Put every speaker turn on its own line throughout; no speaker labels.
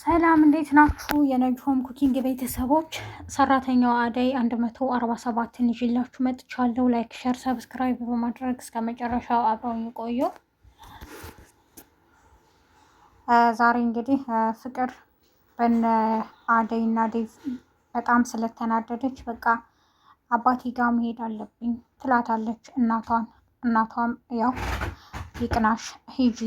ሰላም እንዴት ናችሁ? የነጂ ሆም ኩኪንግ ቤተሰቦች ሰራተኛዋ አደይ 147ን ይዤላችሁ መጥቻለሁ። ላይክ፣ ሸር፣ ሰብስክራይብ በማድረግ እስከ መጨረሻው አብረውኝ ቆዩ። ዛሬ እንግዲህ ፍቅር በነ አደይ እና ዴቭ በጣም ስለተናደደች በቃ አባቴ ጋር መሄድ አለብኝ ትላታለች እናቷን። እናቷም ያው ይቅናሽ ሂጂ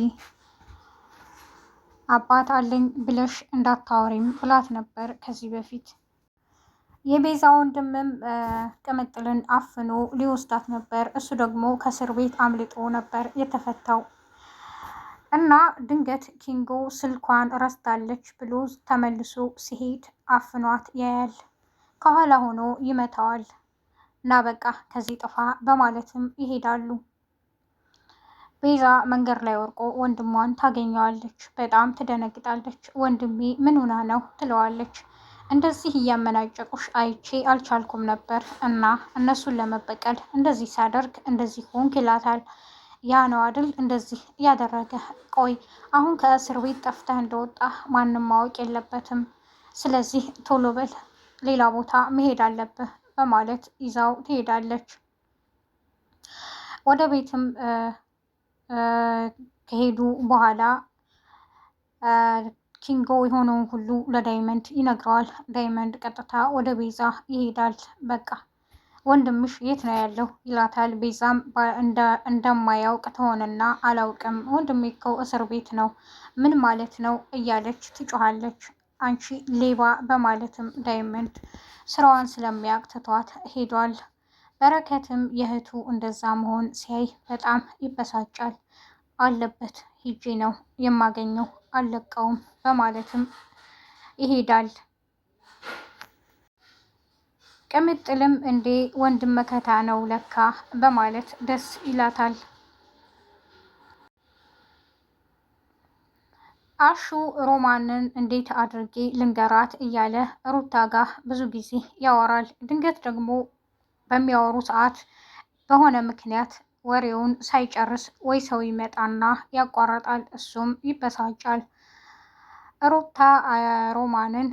አባት አለኝ ብለሽ እንዳታወሪም ብላት ነበር ከዚህ በፊት። የቤዛ ወንድምም ቅምጥልን አፍኖ ሊወስዳት ነበር። እሱ ደግሞ ከእስር ቤት አምልጦ ነበር የተፈታው እና ድንገት ኪንጎ ስልኳን ረስታለች ብሎ ተመልሶ ሲሄድ አፍኗት ያያል። ከኋላ ሆኖ ይመታዋል እና በቃ ከዚህ ጥፋ በማለትም ይሄዳሉ። ቤዛ መንገድ ላይ ወርቆ ወንድሟን ታገኘዋለች። በጣም ትደነግጣለች። ወንድሜ ምን ሆና ነው ትለዋለች። እንደዚህ እያመናጨቁሽ አይቼ አልቻልኩም ነበር እና እነሱን ለመበቀል እንደዚህ ሳደርግ እንደዚህ ሆንክ ይላታል። ያ ነው አድል እንደዚህ ያደረገ? ቆይ አሁን ከእስር ቤት ጠፍተህ እንደወጣ ማንም ማወቅ የለበትም። ስለዚህ ቶሎ በል ሌላ ቦታ መሄድ አለብህ በማለት ይዛው ትሄዳለች። ወደ ቤትም ከሄዱ በኋላ ኪንጎ የሆነውን ሁሉ ለዳይመንድ ይነግረዋል። ዳይመንድ ቀጥታ ወደ ቤዛ ይሄዳል። በቃ ወንድምሽ የት ነው ያለው ይላታል። ቤዛም እንደማያውቅ ትሆንና አላውቅም ወንድሜ እኮ እስር ቤት ነው ምን ማለት ነው እያለች ትጮኋለች። አንቺ ሌባ በማለትም ዳይመንድ ስራዋን ስለሚያውቅ ትቷት ሄዷል። በረከትም የእህቱ እንደዛ መሆን ሲያይ በጣም ይበሳጫል። አለበት ሂጄ ነው የማገኘው አለቀውም በማለትም ይሄዳል። ቅምጥልም እንዴ ወንድም መከታ ነው ለካ በማለት ደስ ይላታል። አሹ ሮማንን እንዴት አድርጌ ልንገራት እያለ ሩታ ጋር ብዙ ጊዜ ያወራል። ድንገት ደግሞ በሚያወሩ ሰዓት በሆነ ምክንያት ወሬውን ሳይጨርስ ወይ ሰው ይመጣና ያቋርጣል። እሱም ይበሳጫል። ሩታ ሮማንን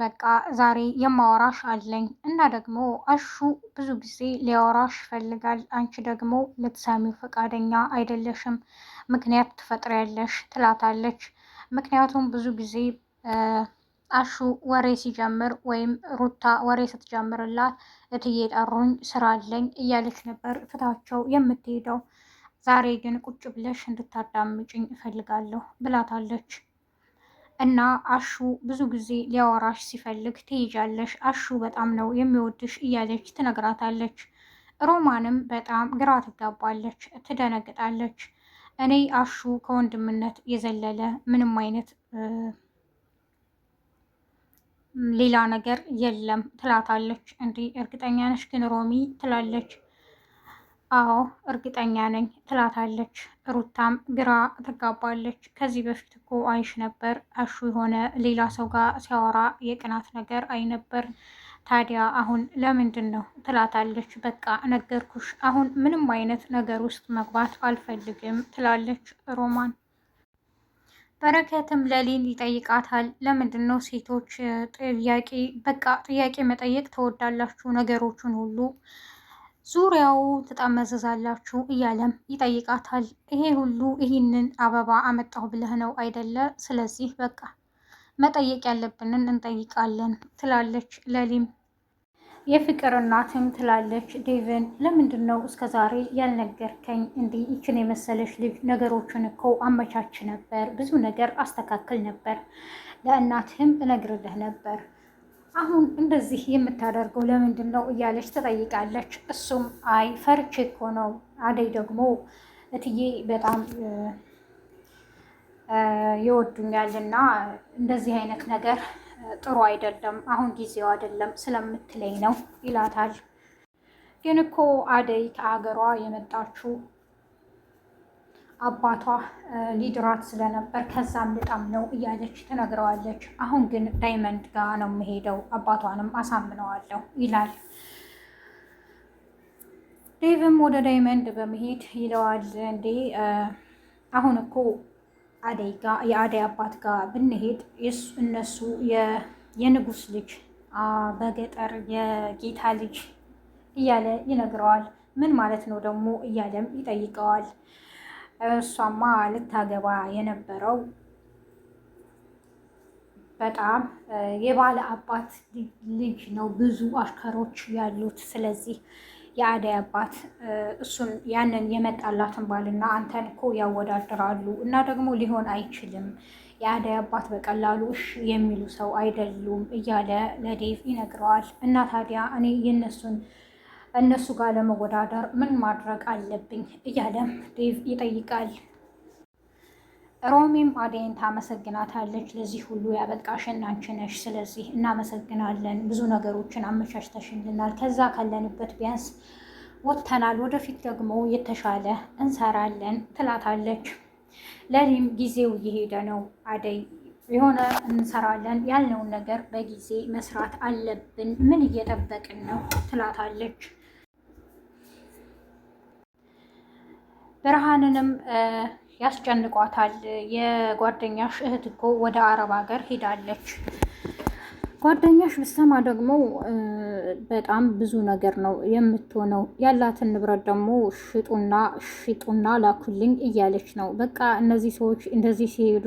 በቃ ዛሬ የማወራሽ አለኝ እና ደግሞ አሹ ብዙ ጊዜ ሊያወራሽ ይፈልጋል። አንቺ ደግሞ ልትሰሚው ፈቃደኛ አይደለሽም፣ ምክንያት ትፈጥሪያለሽ ትላታለች። ምክንያቱም ብዙ ጊዜ አሹ ወሬ ሲጀምር ወይም ሩታ ወሬ ስትጀምርላት እትዬ ጠሩኝ ስራ አለኝ እያለች ነበር ፍታቸው የምትሄደው። ዛሬ ግን ቁጭ ብለሽ እንድታዳምጭኝ እፈልጋለሁ ብላታለች። እና አሹ ብዙ ጊዜ ሊያወራሽ ሲፈልግ ትሄጃለሽ፣ አሹ በጣም ነው የሚወድሽ እያለች ትነግራታለች። ሮማንም በጣም ግራ ትጋባለች፣ ትደነግጣለች። እኔ አሹ ከወንድምነት የዘለለ ምንም አይነት ሌላ ነገር የለም ትላታለች። እንዴ እርግጠኛ ነሽ ግን ሮሚ ትላለች። አዎ እርግጠኛ ነኝ ትላታለች። ሩታም ግራ ትጋባለች። ከዚህ በፊት እኮ አይሽ ነበር አሹ የሆነ ሌላ ሰው ጋር ሲያወራ የቅናት ነገር አይ ነበር። ታዲያ አሁን ለምንድን ነው ትላታለች። በቃ ነገርኩሽ፣ አሁን ምንም አይነት ነገር ውስጥ መግባት አልፈልግም ትላለች ሮማን በረከትም ለሊን ይጠይቃታል። ለምንድን ነው ሴቶች ጥያቄ በቃ ጥያቄ መጠየቅ ተወዳላችሁ፣ ነገሮችን ሁሉ ዙሪያው ትጠመዘዛላችሁ እያለም ይጠይቃታል። ይሄ ሁሉ ይህንን አበባ አመጣሁ ብለህ ነው አይደለ? ስለዚህ በቃ መጠየቅ ያለብንን እንጠይቃለን ትላለች ለሊም የፍቅር እናትም ትላለች ዴቭን ለምንድን ነው እስከ ዛሬ ያልነገርከኝ? እንዲህ ይችን የመሰለች ልጅ ነገሮችን እኮ አመቻች ነበር፣ ብዙ ነገር አስተካክል ነበር፣ ለእናትህም እነግርልህ ነበር። አሁን እንደዚህ የምታደርገው ለምንድን ነው እያለች ትጠይቃለች። እሱም አይ ፈርቼ እኮ ነው። አደይ ደግሞ እትዬ በጣም ይወዱኛልና እንደዚህ አይነት ነገር ጥሩ አይደለም፣ አሁን ጊዜው አይደለም ስለምትለኝ ነው ይላታል። ግን እኮ አደይ ከሀገሯ የመጣችው አባቷ ሊድራት ስለነበር ከዛም ልጣም ነው እያለች ትነግረዋለች። አሁን ግን ዳይመንድ ጋ ነው የምሄደው፣ አባቷንም አሳምነዋለሁ ይላል። ዴቭም ወደ ዳይመንድ በመሄድ ይለዋል። እንዴ አሁን እኮ አደይ ጋ የአደይ አባት ጋር ብንሄድ እነሱ የንጉስ ልጅ በገጠር የጌታ ልጅ እያለ ይነግረዋል። ምን ማለት ነው ደግሞ እያለም ይጠይቀዋል። እሷማ ልታገባ የነበረው በጣም የባለ አባት ልጅ ነው፣ ብዙ አሽከሮች ያሉት። ስለዚህ የአደይ አባት እሱም ያንን የመጣላትን ባልና አንተን እኮ ያወዳድራሉ እና ደግሞ ሊሆን አይችልም የአደይ አባት በቀላሉ እሺ የሚሉ ሰው አይደሉም እያለ ለዴቭ ይነግረዋል። እና ታዲያ እኔ የነሱን እነሱ ጋር ለመወዳደር ምን ማድረግ አለብኝ እያለም ዴቭ ይጠይቃል። ሮሚም አደይን ታመሰግናታለች። ለዚህ ሁሉ ያበቃሽን ነሽ፣ ስለዚህ እናመሰግናለን። ብዙ ነገሮችን አመቻችተሽልናል። ከዛ ካለንበት ቢያንስ ወጥተናል። ወደፊት ደግሞ የተሻለ እንሰራለን ትላታለች። ለሊም ጊዜው እየሄደ ነው አደይ የሆነ እንሰራለን ያልነውን ነገር በጊዜ መስራት አለብን። ምን እየጠበቅን ነው ትላታለች። ብርሃንንም ያስጨንቋታል። የጓደኛሽ እህት እኮ ወደ አረብ ሀገር ሄዳለች። ጓደኛሽ ብሰማ ደግሞ በጣም ብዙ ነገር ነው የምትሆነው። ያላትን ንብረት ደግሞ ሽጡና ሽጡና ላኩልኝ እያለች ነው። በቃ እነዚህ ሰዎች እንደዚህ ሲሄዱ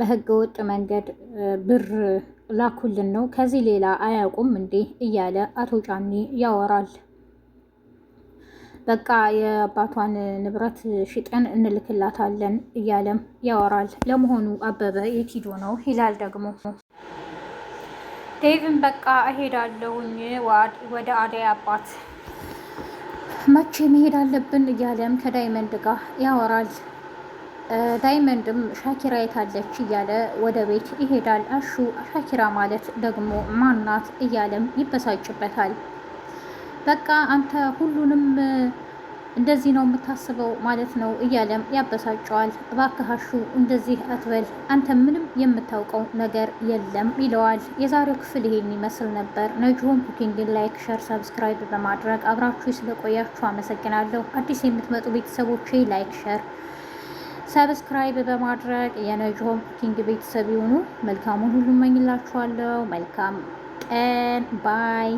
በህገወጥ መንገድ ብር ላኩልን ነው፣ ከዚህ ሌላ አያውቁም እንዴ እያለ አቶ ጫኔ ያወራል። በቃ የአባቷን ንብረት ሽጠን እንልክላታለን እያለም ያወራል። ለመሆኑ አበበ የት ሂዶ ነው ይላል ደግሞ ዴቭን በቃ እሄዳለሁኝ ወደ አደይ አባት መቼ መሄድ አለብን እያለም ከዳይመንድ ጋር ያወራል። ዳይመንድም ሻኪራ የታለች እያለ ወደ ቤት ይሄዳል። አሹ ሻኪራ ማለት ደግሞ ማናት እያለም ይበሳጭበታል። በቃ አንተ ሁሉንም እንደዚህ ነው የምታስበው ማለት ነው እያለም ያበሳጨዋል። እባክሃሹ እንደዚህ አትበል አንተ ምንም የምታውቀው ነገር የለም ይለዋል። የዛሬው ክፍል ይሄን ይመስል ነበር። ነጅሆም ኩኪንግን ላይክ፣ ሸር፣ ሰብስክራይብ በማድረግ አብራችሁ ስለቆያችሁ አመሰግናለሁ። አዲስ የምትመጡ ቤተሰቦቼ ላይክ፣ ሸር፣ ሰብስክራይብ በማድረግ የነጅሆም ኩኪንግ ቤተሰብ የሆኑ መልካሙን ሁሉ እመኝላችኋለሁ። መልካም ቀን ባይ